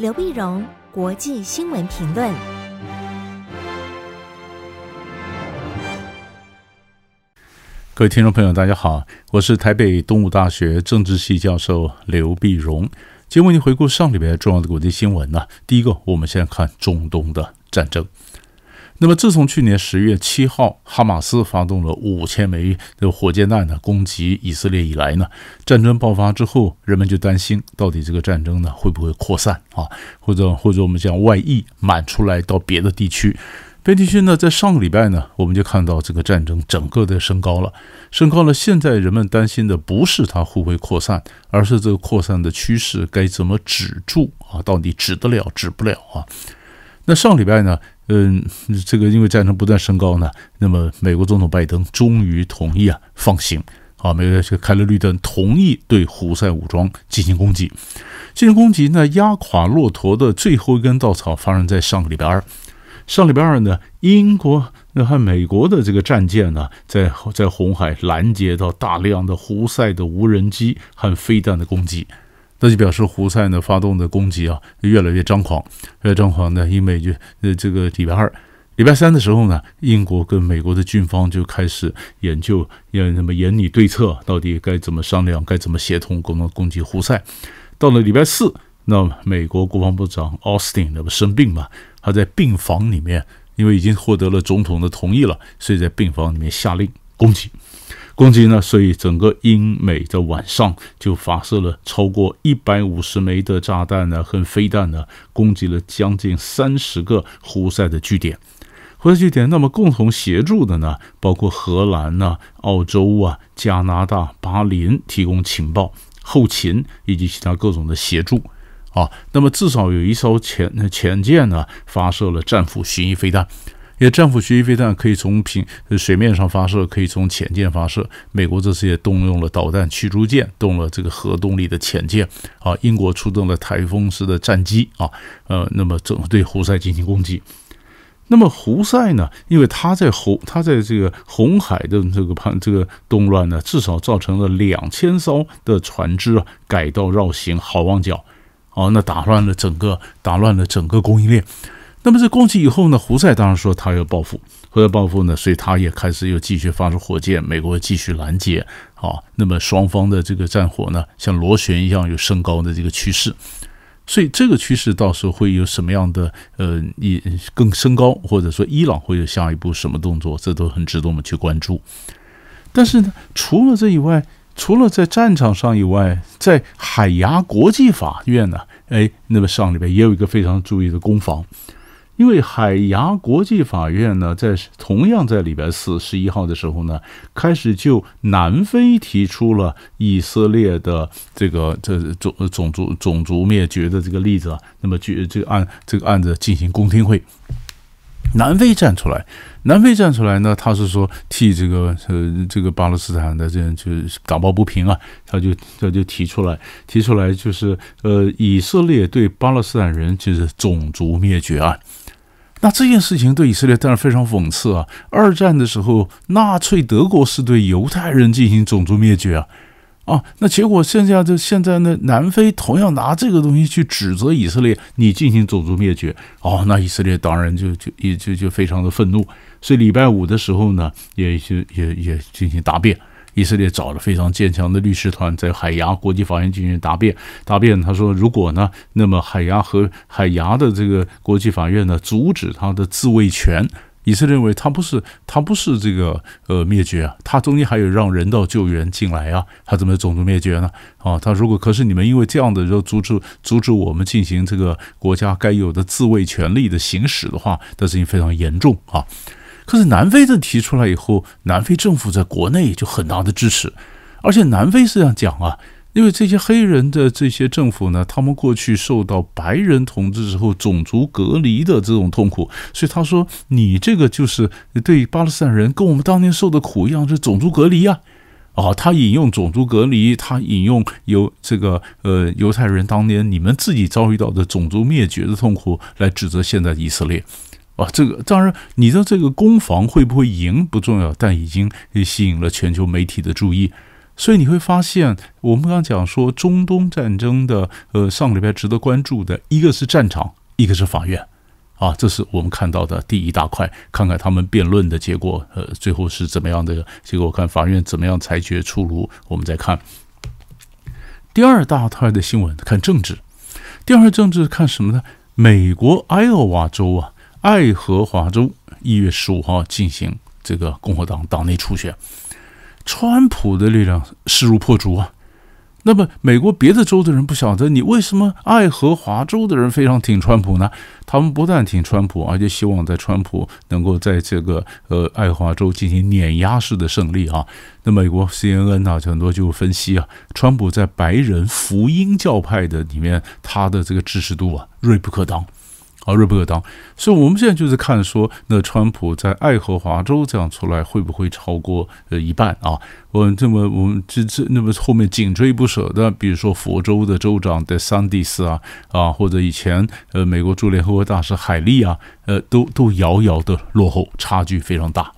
劉必榮，國際新聞評論。各位聽眾朋友，大家好，我是台北東吳大學政治系教授劉必榮。今天為您回顧上禮拜重要的國際新聞呢，第一個，我們先看中東的戰爭。那麼，自從去年十月七號，哈馬斯發動了五千枚的火箭彈呢，攻擊以色列以來呢，戰爭爆發之後，人們就擔心，到底這個戰爭呢會不會擴散啊？或者或者我們講外溢滿出來到別的地區？貝極圈呢，在上個禮拜呢，我們就看到這個戰爭整個的升高了，升高了。現在人們擔心的不是它會不會擴散，而是這個擴散的趨勢該怎麼止住啊？到底止得了止不了啊？那上個禮拜呢？嗯，這個因為戰爭不斷升高呢，那麼美國總統拜登終於同意啊放行，啊，美國這開了綠燈，同意對胡塞武裝進行攻擊。進行攻擊呢，壓垮駱駝的最後一根稻草發生在上個禮拜二。上禮拜二呢，英國、那和美國的這個戰艦呢，在在紅海攔截到大量的胡塞的無人機和飛彈的攻擊。那就表示胡塞呢發動的攻擊啊越來越張狂，越來越張狂呢，英美就呃這個禮拜二、禮拜三的時候呢，英國跟美國的軍方就開始研究，要什麼研擬對策，到底該怎麼商量，該怎麼協同共同攻，攻擊胡塞。到了禮拜四，那麼美國國防部長奧斯汀那不生病嘛，他在病房裡面，因為已經獲得了總統的同意了，所以在病房裡面下令攻擊。攻擊呢，所以整個英美的晚上就發射了超過一百五十枚的炸彈呢、跟飛彈呢，攻擊了將近三十個胡塞的據點。胡塞據點，那麼共同協助的呢，包括荷蘭吶、啊、澳洲啊、加拿大、巴林提供情報、後勤以及其他各種的協助啊。那麼至少有一艘潛潛艦呢發射了戰斧巡弋飛彈。因為戰斧巡弋飛彈可以從平水面上發射，可以從潛艦發射。美國這次也動用了導彈驅逐艦，動了這個核動力的潛艦。啊，英國出動了台風式的戰機。啊，呃，那麼怎麼對胡塞進行攻擊？那麼胡塞呢？因為他在紅，他在這個紅海的這個旁，這個動亂呢，至少造成了兩千艘的船只啊改道繞行好望角，啊，那打亂了整個打亂了整個供應鏈。那麼這攻擊以後呢？胡塞當然說他要報復，為了報復呢，所以他也開始又繼續發射火箭，美國繼續攔截啊。那麼雙方的這個戰火呢，像螺旋一樣有升高的這個趨勢。所以這個趨勢到時候會有什麼樣的呃，一更升高，或者說伊朗會有下一步什麼動作，這都很值得我們去關注。但是呢，除了這以外，除了在戰場上以外，在海牙國際法院呢，誒、哎，那麼上禮拜也有一個非常注意的攻防。因為海牙國際法院呢，在同樣在禮拜四、十一號的時候呢，開始就南非提出了以色列的這個這個、種種族種族滅絕的這個例子、啊。那麼這個案，這個案子進行公聽會，南非站出來，南非站出來呢，他是說替這個呃這個巴勒斯坦的這樣就是打抱不平啊，他就他就提出來提出來，就是呃以色列對巴勒斯坦人就是種族滅絕啊。那這件事情對以色列當然非常諷刺啊！二戰的時候，納粹德國是對猶太人進行種族滅絕啊，啊，那結果現在就現在呢，南非同樣拿這個東西去指責以色列，你進行種族滅絕，哦，那以色列當然就就也就就，就非常的憤怒，所以禮拜五的時候呢，也就也也，也進行答辯。以色列找了非常堅強的律師團，在海牙國際法院進行答辯。答辯，他說：“如果呢，那麼海牙和海牙的這個國際法院呢，阻止他的自衛權，以色列認為他不是他不是這個呃滅絕啊，他中間還有讓人道救援進來啊，他怎麼種族滅絕呢？啊，他如果可是你們因為這樣的就阻止阻止我們進行這個國家該有的自衛權利的行使的話，這事情非常嚴重啊。”可是南非的提出來以後，南非政府在國內就很大的支持，而且南非是這樣講啊，因為這些黑人的這些政府呢，他們過去受到白人統治之後種族隔離的這種痛苦，所以他說你這個就是對巴勒斯坦人跟我們當年受的苦一樣，是種族隔離呀。啊，啊，他引用種族隔離，他引用猶這個呃猶太人當年你們自己遭遇到的種族滅絕的痛苦來指責現在以色列。啊，這個當然，你知道這個攻防會不會贏不重要，但已經吸引了全球媒體的注意。所以你會發現，我們剛剛講說中東戰爭的，呃，上個禮拜值得關注的一個是戰場，一個是法院，啊，這是我們看到的第一大塊，看看他們辯論的結果，呃，最後是怎麼樣的結果？我看法院怎麼樣裁決出爐，我們再看第二大塊的新聞，看政治。第二政治看什麼呢？美國愛荷華州啊。愛荷華州一月十五號進行這個共和黨黨內初選，川普的力量勢如破竹啊！那麼美國別的州的人不曉得你為什麼愛荷華州的人非常挺川普呢？他們不但挺川普，而且希望在川普能夠在這個呃愛華州進行碾壓式的勝利啊！那麼美國 CNN 啊很多就分析啊，川普在白人福音教派的裡面他的這個支持度啊銳不可當。啊，銳不可當，所以我們現在就是看說，那川普在愛荷華州這樣出來會不會超過呃一半啊？我這麼，我們這這，那麼後面緊追不捨的，比如說佛州的州長的桑蒂斯啊，啊，或者以前呃美國駐聯合國大使海莉啊，呃，都都遙遙的落後，差距非常大。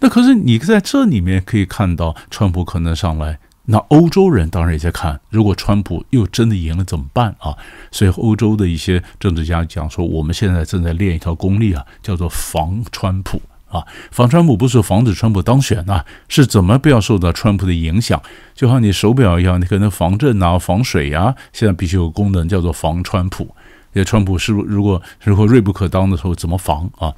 那可是你在這裡面可以看到，川普可能上來。那歐洲人當然也在看，如果川普又真的贏了怎麼辦啊？所以歐洲的一些政治家講說，我們現在正在練一套功力啊，叫做防川普啊。防川普不是防止川普當選啊，是怎麼不要受到川普的影響？就像你手表一樣，你可能防震啊、防水呀、啊，現在必須有功能叫做防川普。那川普是如果如果銳不可當的時候，怎麼防啊？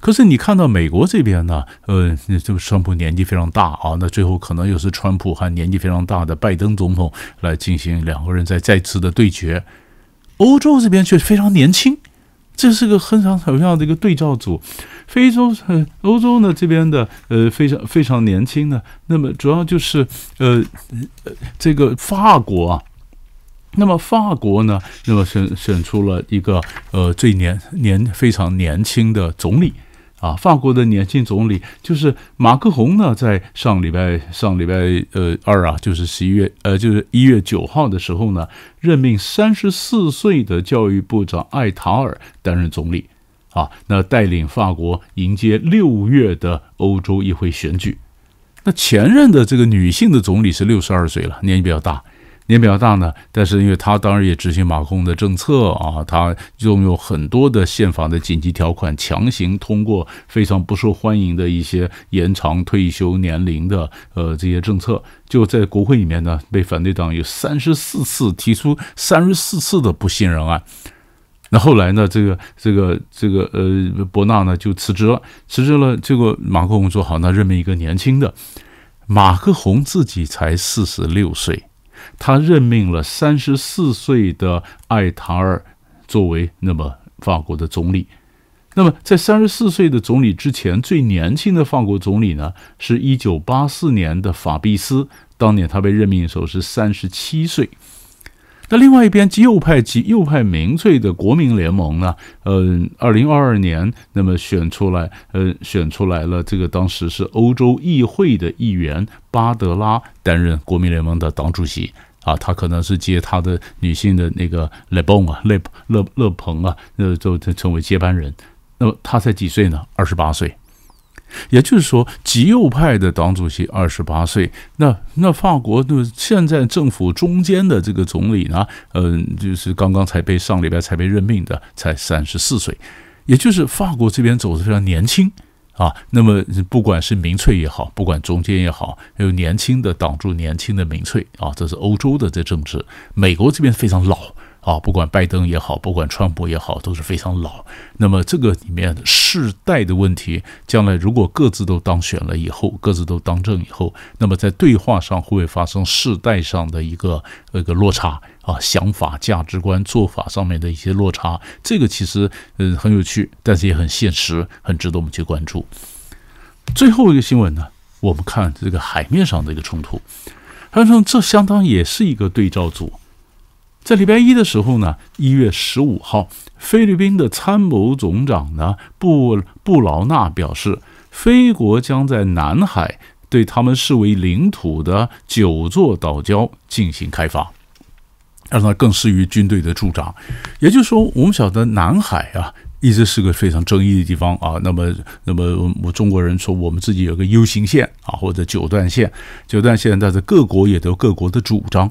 可是你看到美國這邊呢，呃，這個川普年紀非常大啊，那最後可能又是川普和年紀非常大的拜登總統來進行兩個人在再次的對決。歐洲這邊卻非常年輕，這是個很常很像的一個對照組。非洲、呃、歐洲呢這邊的呃非常非常年輕呢，那麼主要就是呃，呃這個法國啊，那麼法國呢，那麼選選出了一個呃最年年非常年輕的總理。啊，法國的年輕總理就是馬克宏呢，在上禮拜上禮拜呃二啊，就是十一月呃就是一月九號的時候呢，任命三十四歲的教育部長艾塔爾擔任總理，啊，那帶領法國迎接六月的歐洲議會選舉。那前任的這個女性的總理是六十二歲了，年紀比較大。年比較大呢，但是因為他當然也執行馬克宏的政策啊，他擁有很多的憲法的緊急條款，強行通過非常不受歡迎的一些延長退休年齡的呃這些政策，就在國會裡面呢被反對黨有三十四次提出三十四次的不信任案。那後來呢，這個這個這個呃伯納呢就辭職了，辭職了，結果馬克宏說，好，那任命一個年輕的。馬克宏自己才四十六歲。他任命了三十四歲的艾塔爾作為那麼法國的總理。那麼，在三十四歲的總理之前，最年輕的法國總理呢，是一九八四年的法比斯。當年他被任命的時候是三十七歲。那另外一邊，極右派、極右派民粹的國民聯盟呢？嗯、呃，二零二二年，那麼選出來，嗯、呃，選出來了這個當時是歐洲議會的議員巴德拉擔任國民聯盟的黨主席啊，他可能是接他的女性的那個勒龐、bon, 啊，勒勒勒龐啊，呃，就成為接班人。那麼他才幾歲呢？二十八歲。也就是說，極右派的黨主席二十八歲，那那法國的現在政府中間的這個總理呢，呃，就是剛剛才被上禮拜才被任命的，才三十四歲，也就是法國這邊走的非常年輕啊。那麼不管是民粹也好，不管中間也好，還有年輕的擋住年輕的民粹啊，這是歐洲的政治。美國這邊非常老。啊，不管拜登也好，不管川普也好，都是非常老。那麼這個裡面世代的問題，將來如果各自都當選了以後，各自都當政以後，那麼在對話上會不會發生世代上的一個、呃、一個落差啊？想法、價值觀、做法上面的一些落差，這個其實嗯很有趣，但是也很現實，很值得我們去關注。最後一個新聞呢，我們看這個海面上的一個衝突，他說這相當也是一個對照組。在禮拜一的時候呢，一月十五號，菲律賓的參謀總長呢布布勞納表示，菲國將在南海對他們視為領土的九座島礁進行開發，讓它更適於軍隊的駐紮。也就是說，我們曉得南海啊，一直是個非常爭議的地方啊。那麼，那麼我中國人說，我們自己有個 U 形線啊，或者九段線，九段線，但是各國也都有各國的主張。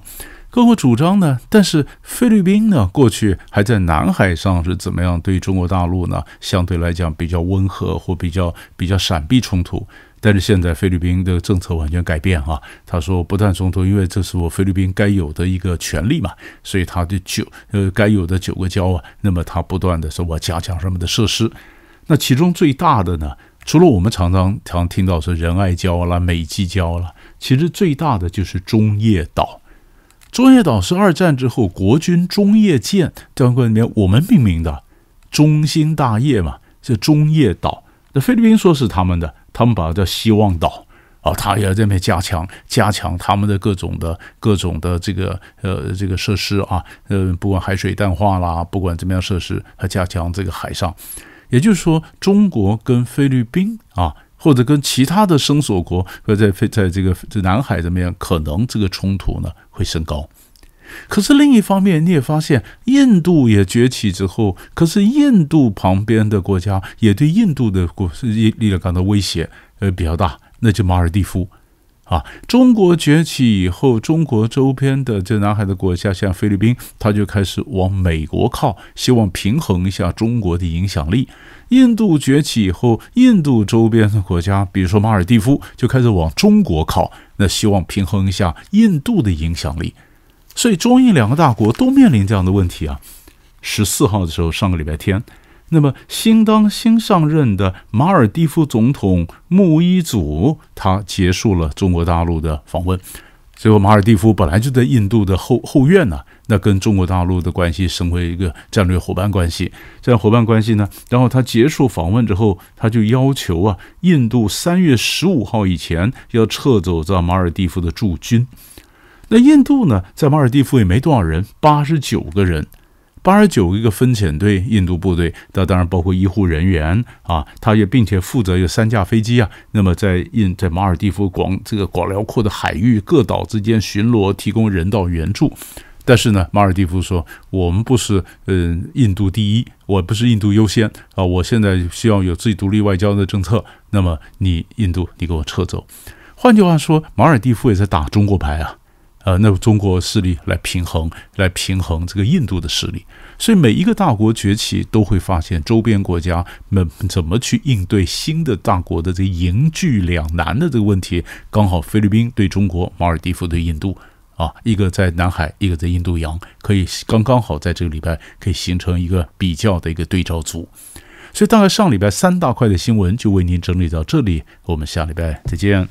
各國主張呢，但是菲律賓呢，過去還在南海上是怎麼樣對中國大陸呢？相對來講比較溫和或比較比較閃避衝突。但是現在菲律賓的政策完全改變哈、啊，他說不但衝突，因為這是我菲律賓該有的一個權利嘛，所以他的九呃該有的九個礁啊，那麼他不斷的說我加強什麼的設施。那其中最大的呢，除了我們常常常聽到說仁愛礁啦、美濟礁啦，其實最大的就是中業島。中業島是二戰之後國軍中業艦在那裡面我們命名的中興大業嘛，就中業島。那菲律賓說是他們的，他們把它叫希望島啊，他也在這邊加強加強他們的各種的各種的這個呃這個設施啊，呃不管海水淡化啦，不管怎麼樣設施，還加強這個海上。也就是說，中國跟菲律賓啊。或者跟其他的聲索國，或在在在這個在南海這邊，可能這個衝突呢會升高。可是另一方面，你也發現印度也崛起之後，可是印度旁邊的國家也對印度的國勢力量感到威脅，呃比較大，那就馬爾地夫。啊，中國崛起以後，中國周邊的這南海的國家，像菲律賓，他就開始往美國靠，希望平衡一下中國的影響力。印度崛起以後，印度周邊的國家，比如說馬爾地夫，就開始往中國靠，那希望平衡一下印度的影響力。所以，中印兩個大國都面臨這樣的問題啊。十四號的時候，上個禮拜天。那麼新當新上任的馬爾地夫總統穆伊祖，他結束了中國大陸的訪問。所以馬爾地夫本來就在印度的後後院呢、啊，那跟中國大陸的關係升為一個戰略夥伴關係。戰略夥伴關係呢，然後他結束訪問之後，他就要求啊，印度三月十五號以前要撤走在馬爾地夫的駐軍。那印度呢，在馬爾地夫也沒多少人，八十九個人。八十九一個分遣隊，印度部隊，那當然包括醫護人員啊，他也並且負責有三架飛機啊，那麼在印在馬爾地夫廣這個廣遼闊的海域各島之間巡邏，提供人道援助。但是呢，馬爾地夫說，我們不是嗯印度第一，我不是印度優先啊，我現在需要有自己獨立外交的政策。那麼你印度，你給我撤走。換句話說，馬爾地夫也在打中國牌啊。呃，那中國勢力來平衡，來平衡這個印度的勢力，所以每一個大國崛起都會發現周邊國家們怎麼去應對新的大國的這迎拒兩難的這個問題。剛好菲律賓對中國，馬爾地夫對印度，啊，一個在南海，一個在印度洋，可以剛剛好在這個禮拜可以形成一個比較的一個對照組。所以大概上禮拜三大塊的新聞就為您整理到這裡，我們下禮拜再見。